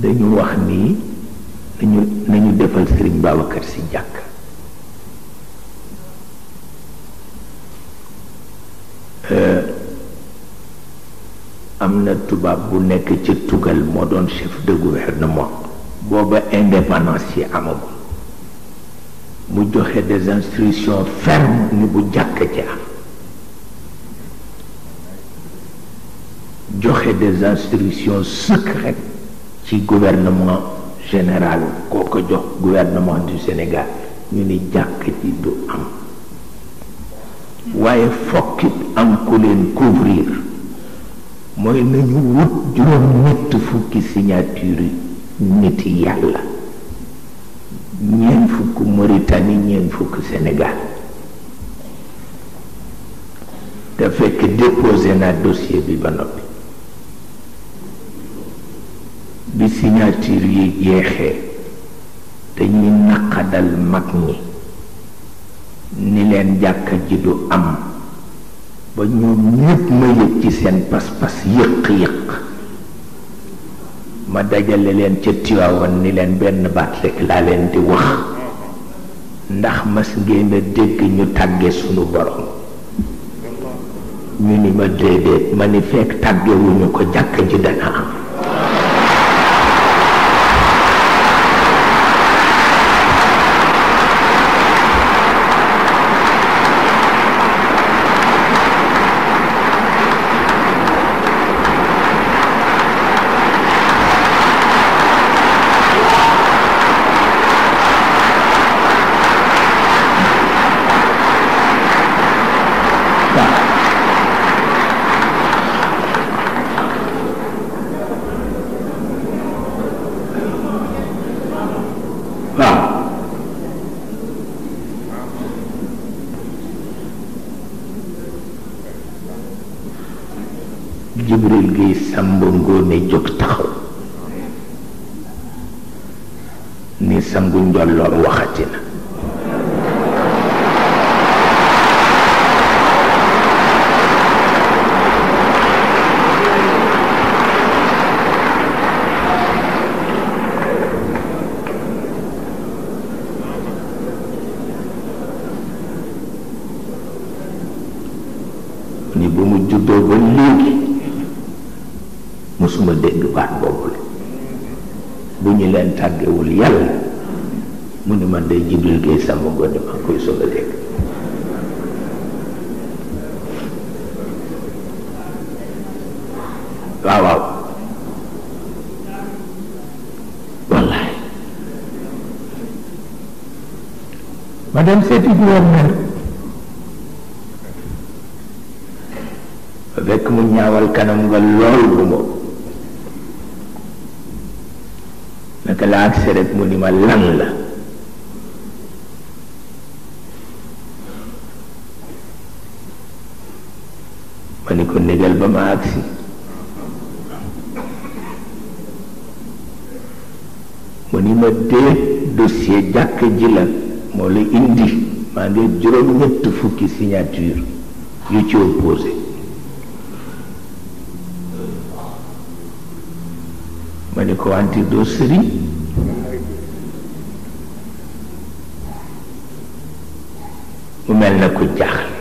dañu wax nii nañu nañu defal sëriñ Babacar si jàkk euh, am na tubaab bu nekk ca tugal moo doon chef de gouvernement booba indépendance yi amagul mu joxe des instructions fermes ni bu jàkk ci joxe des instructions secrètes ci gouvernement général koo jox gouvernement du Sénégal ñu ni jàkk ji du am waaye fokkit am ku leen couvrir mooy nañu wut juróom ñett fukki signature nit yàlla ñeen fukk Mauritanie ñeen fukk Sénégal te fekk déposé naa dossier bi ba noppi bi signature yi jeexee dañuy nakadal mag ñi ni leen jàkka ji du am ba ñoom ñépp ma yëg ci seen pas-pas yëq-yëq ma dajale leen ca tiwaawan ni leen benn baat rek laa leen di wax ndax mas ngeen a dégg ñu tàgge sunu borom ñu ni ma déedéet ma ni fekk tàggewuñu ko jàkk ji dana am ni sangu njolloor waxati na ni bu mu juddoo ba léegi musuma dégg baat boobu la bu ñu man day Jibril Gaye Samb Ngoné maa koy soog a dégg waaw waaw wallaay ma dem seeti gouverneur ba fekk mu ñaawal kanam nga lool bu naka laa agsi rek mu ni ma lan la ma agsi ni ma dee dossier jàkk ji la moo la indi maa ngi juróom ñett fukki signature yu ci opposé ma ni ko wante doo sëriñ mu mel na ko jaaxle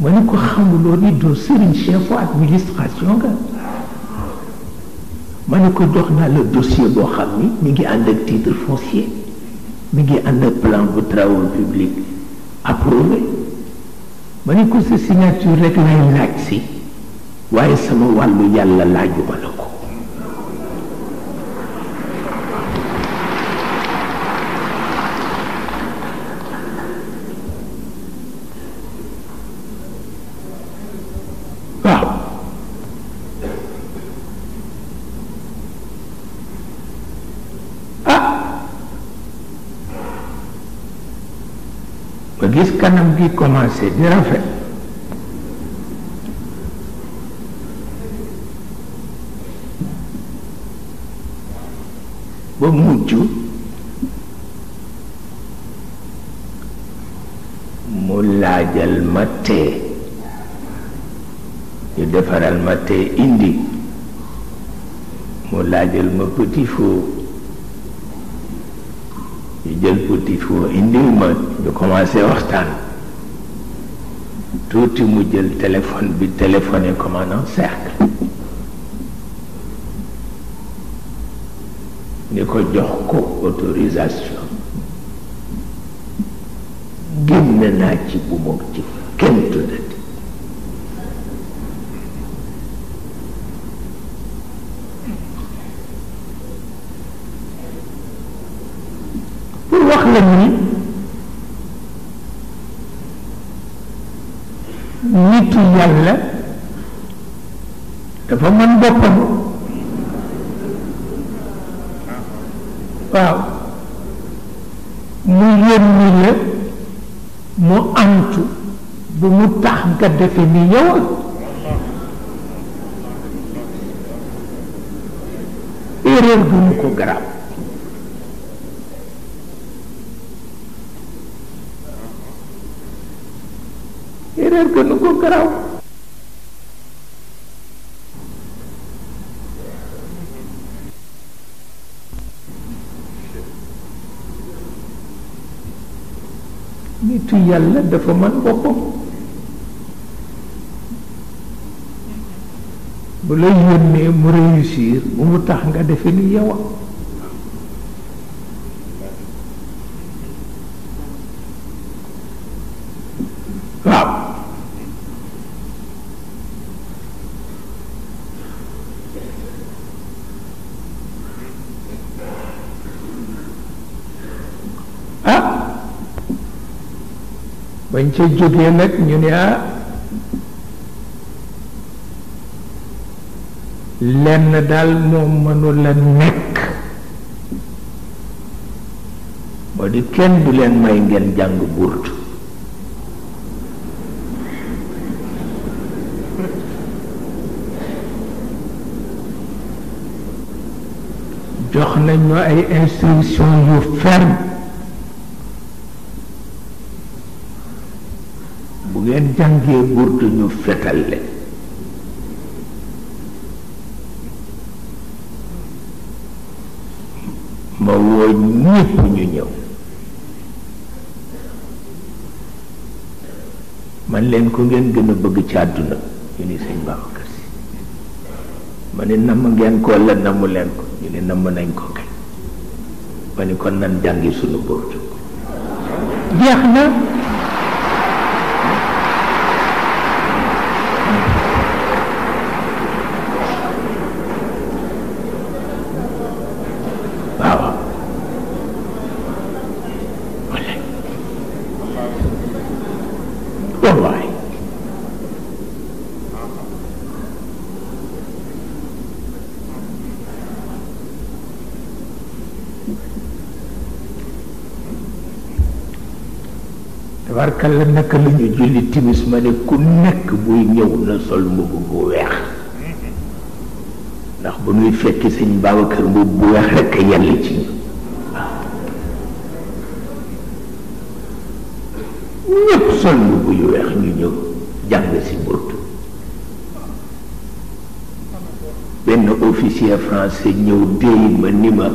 ma ne ko xamuloo ni doo sëriñ chef administration nga ma ne ko jox dossier boo xam ni mi ngi ànd ak titre foncier mi ngi ànd plan bu travaux publics approuvé ma ne signature rek lay laaj si waaye sama wàllu yàlla laaju ba gis kanam gi commencé di rafet ba mujj mu laajal ma tee ñu defaral ma tee indi mu laajal ma petit fou jël le petit indil ma ñu commencé waxtaan tuuti mu jël téléphone bi téléphoné commandant cercle ni ko jox ko autorisation génn naa ci bu moog ci kenn dafa man boppam waaw mu yónni la ya, mu antu bu mu tax nga defe ni yow erreur bu mu ko garab erreur gënu ko garaaw si yàlla dafa mën boppam bu la yónnee mu réussir bu mu tax nga defe ni yow bañ ca jógee nag ñu ne ah lenn daal moom mënu la nekk moo di kenn du leen may ngeen jàng burtu jox nañu ay instruction yu ferme jàngee burdu ñu fetal leen ma woo ñépp ñu ñëw man leen ko ngeen gën a bëgg ci àdduna ñu ni sëñ Babacar Si ma ne namm ngeen ko la namm leen ko ñu ne namm nañ ko kay ma ni kon nan jàngi sunu burdu jeex na kala la naka la ñu julli timis ma ne ku nekk buy ñëw na sol mbubb bu weex ndax ba ñuy fekki sëñ Babacar mbubb bu weex rekk a yàlla ci ñu ñëpp sol mbubb yu weex ñu ñëw jàng si burtu benn officier français ñëw déy ma ni ma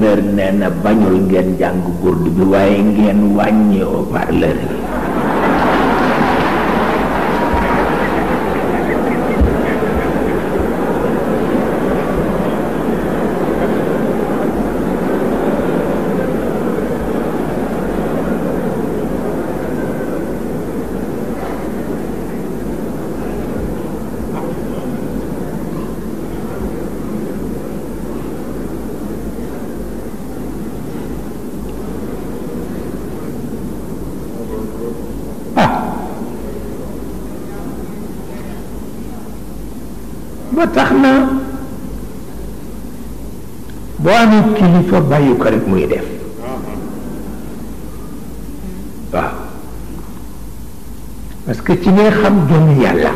gouverneur nee na bañul ngeen jàng kurdu bi waaye ngeen wàññi haut-parleur ba na boo amee kilifa bàyyi ko muy def waaw parce que ci ngay xam jom yàlla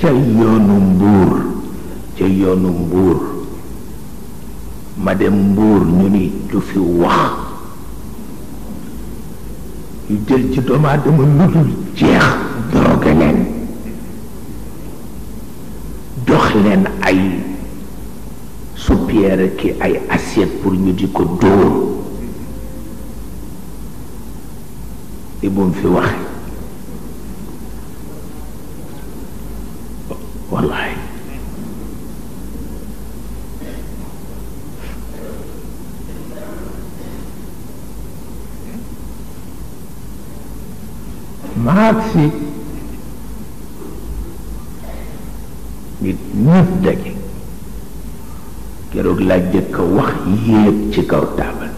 ca yoonu mbuur ca yoonu mbuur ma dem mbuur ñu ni du fi wax yu jël ci doomu aadama lu dul jeex drogué leen jox leen ay soupière ki ay assiette pour ñu di ko dóor li bu mu fi wax ci kaw taabal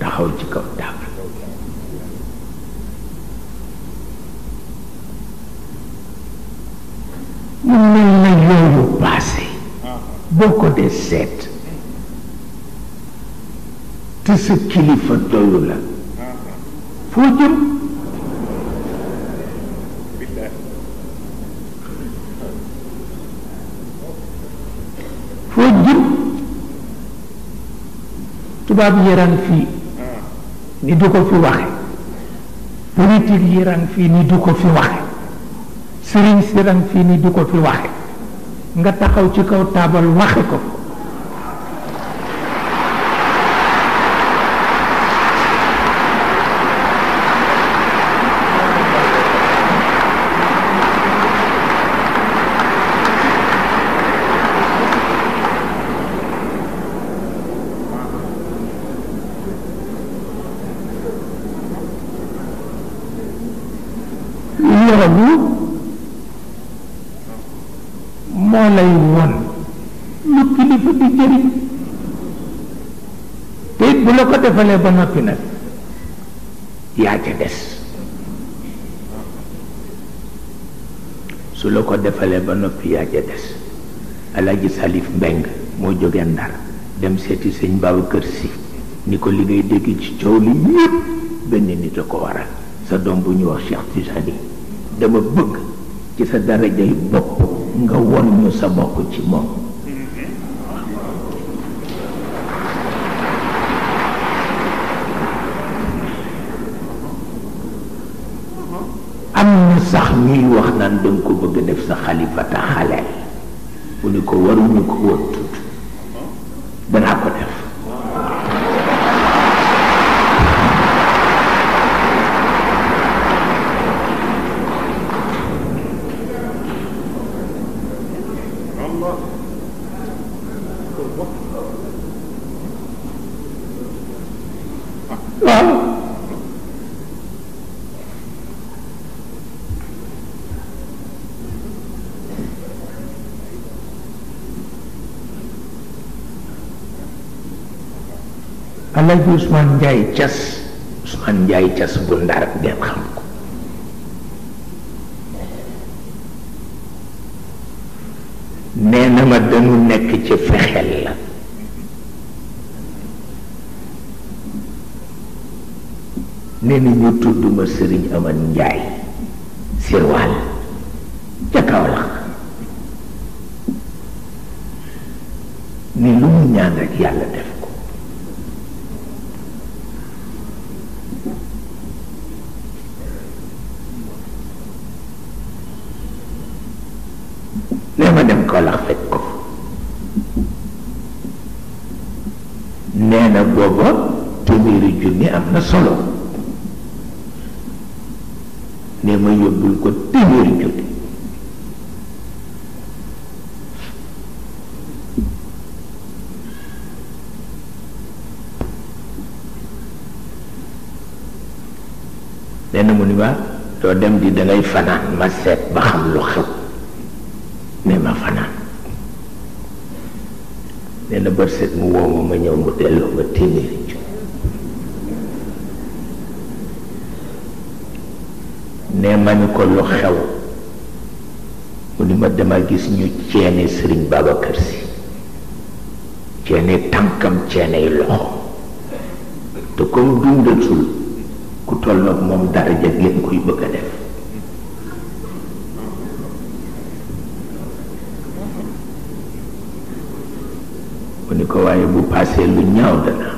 taxaw ci kaw taabal mu mel na yooyu passé boo ko dee seet te sa kilifa doyu la foo jëm tubaab yaraan fii ni du ko fi waxe politique yaraan fii ni du ko fi waxe sëriñ siraan fii ni du ko fi waxe nga taxaw ci kaw taabal waxe ko defalee ba noppi nag yaa ca des su la ko defalee ba noppi yaa ca des Alaaji Salif Mbeng moo jóge Ndar dem seeti sëñ kër Si ni ko liggéey dégg ci coow li yépp benn nit a ko waral sa doom bu ñu wax Cheikh Tijani dama bëgg ci sa darajay bopp nga won ñu sa bokk ci moom wax naan danga ko bëgg def sa xalifa te xaleel mu ni ko ko wëtt alaaji Ousmane Ndiaye Thiès Ousmane Ndiaye Thiès bu ndar ngeen xam ko nee dañu nekk ci fexel la nee na ñu tudd ma sëriñ aman njaay sirwaal ca la ni lu mu ñaan yàlla def booba demi junni amna solo ne ma yóbbul ko téeméeri junni nee mu ni ba doo dem di da ngay ma seet ba xam lu xew na bërset mu woo ma ma ñëw mu delloo ma téeméeri ju ne ma ni ko lu xew mu ni ma dama gis ñu ceene sëriñ Babacar Si ceene tànkam ceeney loxo te comme dundatul ku toll moom dara jag leen koy bëgg a def bu passé lu ñaaw dana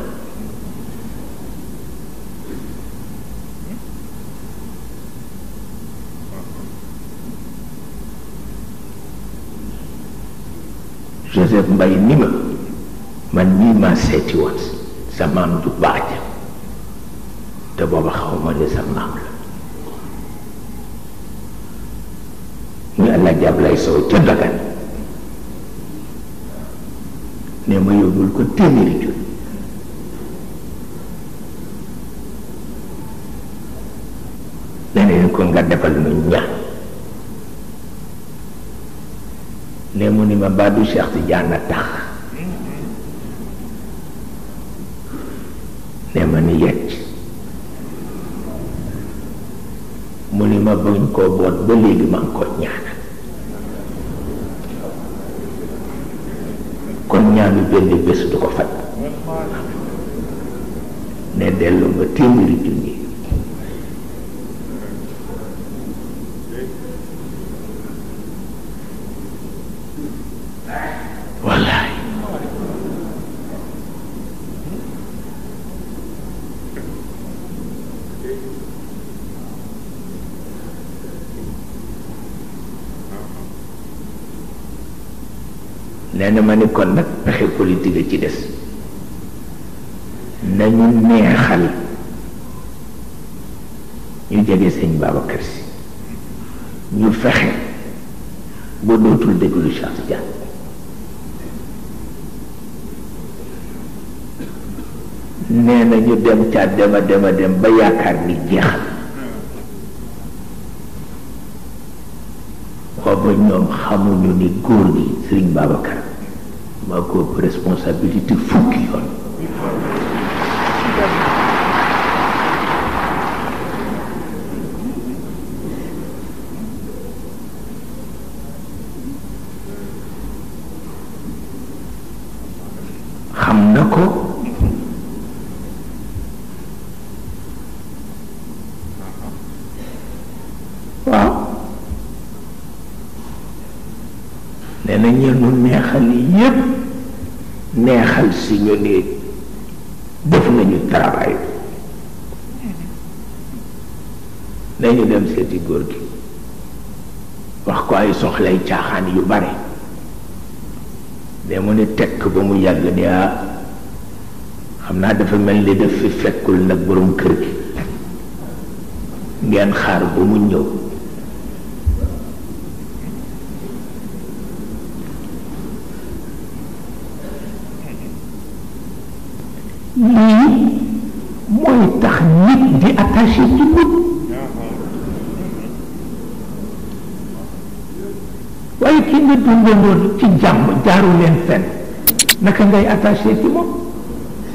Joseph Mbaye ni ma man nii maa seeti woon sa maam ju baax ja te booba xaw ma ne sa maam la muy àlla jàpp lay sow ca dagan ne ma yóbbul ko téeméeri junni leneen ko nga defal nu ñax ne mu ni ma ba du Cheikh Tidiane tax ne ma ni yecc mu ni ma buñ koo boot ba léegi ma ngi ko ñaan ni benn bés du ko fat ne dellu nga téeméeri junni nee na ma ni kon nag pexe politique ci des nañu neexal ñu jege sëñ Babacar Si ñu fexe boo dootul déglu Cheikh Tidiane nee na ñu dem ca dema dema dem ba yaakaar ni jeexal booba ñoom xamuñu ni góor gi sëriñ Babacar maa ko responsabilité fukki si ñu ni def nañu travail nañu dem seeti góor gi wax ko ay soxlay caaxaan yu bare mais mu ne tekk ba mu yàgg ni ah xam naa dafa mel ni def fi fekkul nag borom kër gi ngeen xaar ba mu ñëw nga dundandoon ci jàmm jaaru leen fenn naka ngay attaché ci moom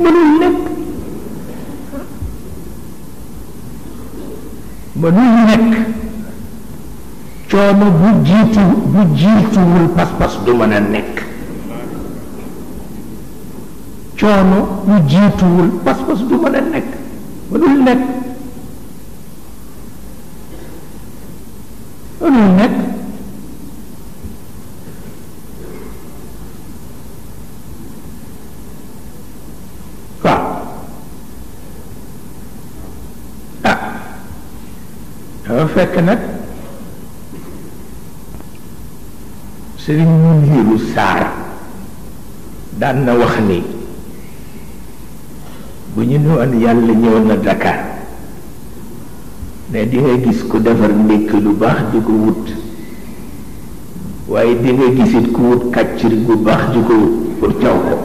mënul nekk mënul nekk coono bu jiitu bu jiituwul pas-pas du mën a nekk coono bu jiituwul pas-pas du mën a nekk mënul nekk fekk nag sëriñ muniru saar daan na wax ni bu ñu nu an yàlla ñëw na dakar ne di nga gis ku defar ndékk lu baax di ko wut waaye di nga gisit ku wut kàccir gu baax di ko wut pour caw ko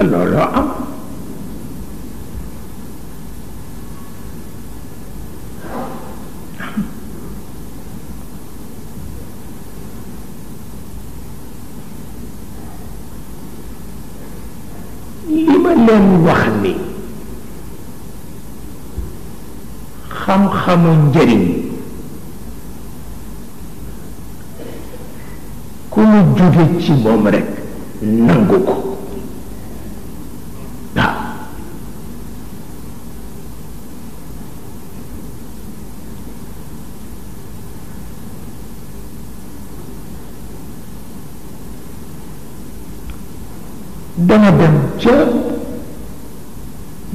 te looloo am li ma leen wax ni xam-xamu njëriñ ku mu jóge ci moom rekk nangu ko dama dem ca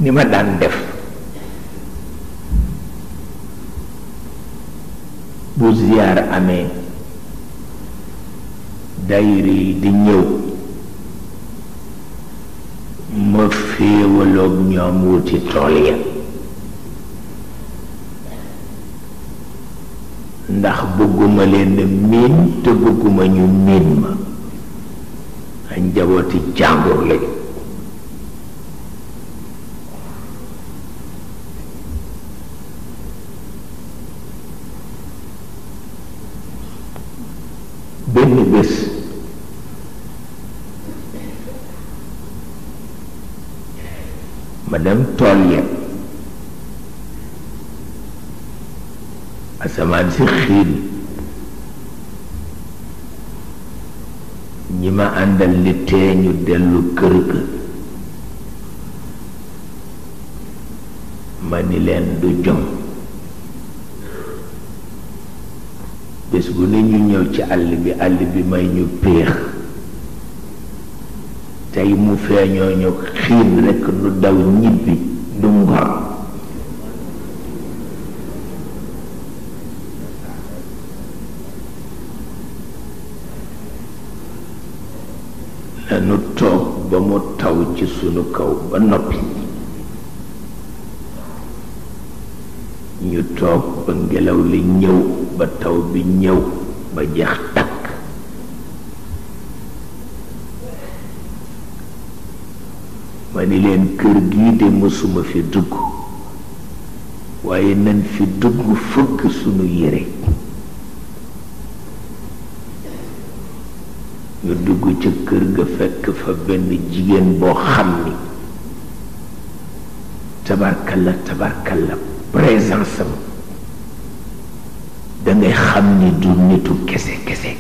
ni ma daan def bu ziyaar amee dayre yi di ñëw ma féewaloog ñoom wuti tool ya ndax bëgguma leen miin te bëgguma ñu miin ma njabooti jàmbur lañu benn bés ma dem tool ya asamaan si xiin àndal li tee ñu dellu kër ga ma ni leen du jom bés bu ne ñu ñëw ci àll bi àll bi may ñu péex tey mu feeñoo ñu xiin rekk nu daw ñibbi nu toog ba mu taw ci sunu kaw ba noppi ñu toog ba ngelaw li ñëw ba taw bi ñëw ba jeex takk ma ni leen kër gii de mësuma fi dugg waaye nan fi dugg fëgg sunu yére ñu dugg ca kër ga fekk fa benn jigéen boo xam ni tabarkalla tabarkalla présence am dangay xam ni du nitu kese kese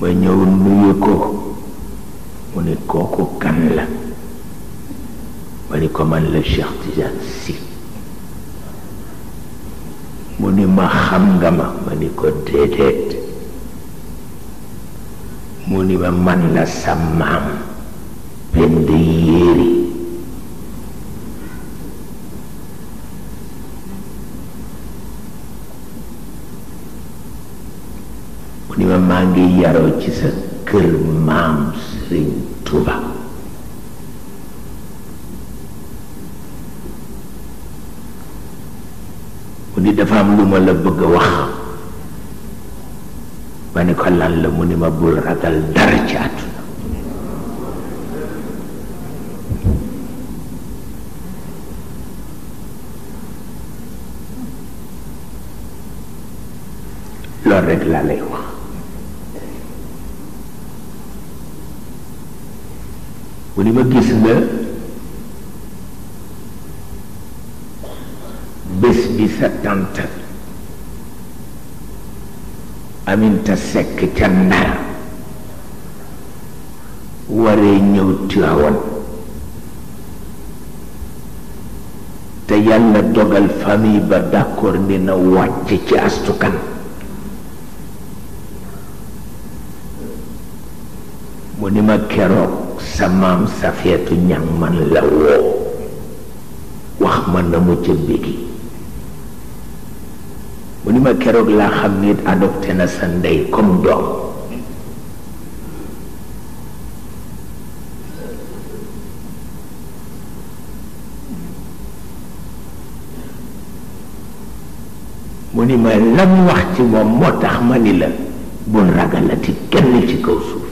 ma ñëw nuyu ko mu ne kooku kan la ma ni ko man la Cheikh Tidiane ni ma xam nga ma ma ni ko déedéet mu ni ma man la sa maam pend yéeri mu ni ma maa ngi yaroo ci sa kër maam Sëriñ Tuba bi dafa am lu ma la bëgg wax ma ni ko lan la mu ni ma bul ragal dara ci loolu rek laa lay wax mu ni ma gis la sa tant Aminta Sekk ca Ndar waree ñëw Tiwaawan te yàlla dogal famille ba d'accord ni na wàcc ci astukan mu ni ma keroog sa maam Safiyatu ñaŋ man la woo wax ma na mu ca bigi ni ma keroog laa xam nit adopté na sa ndey comme doom mu ni ma lam wax ci moom moo tax ma ni la bul ragalati kenn ci kaw suuf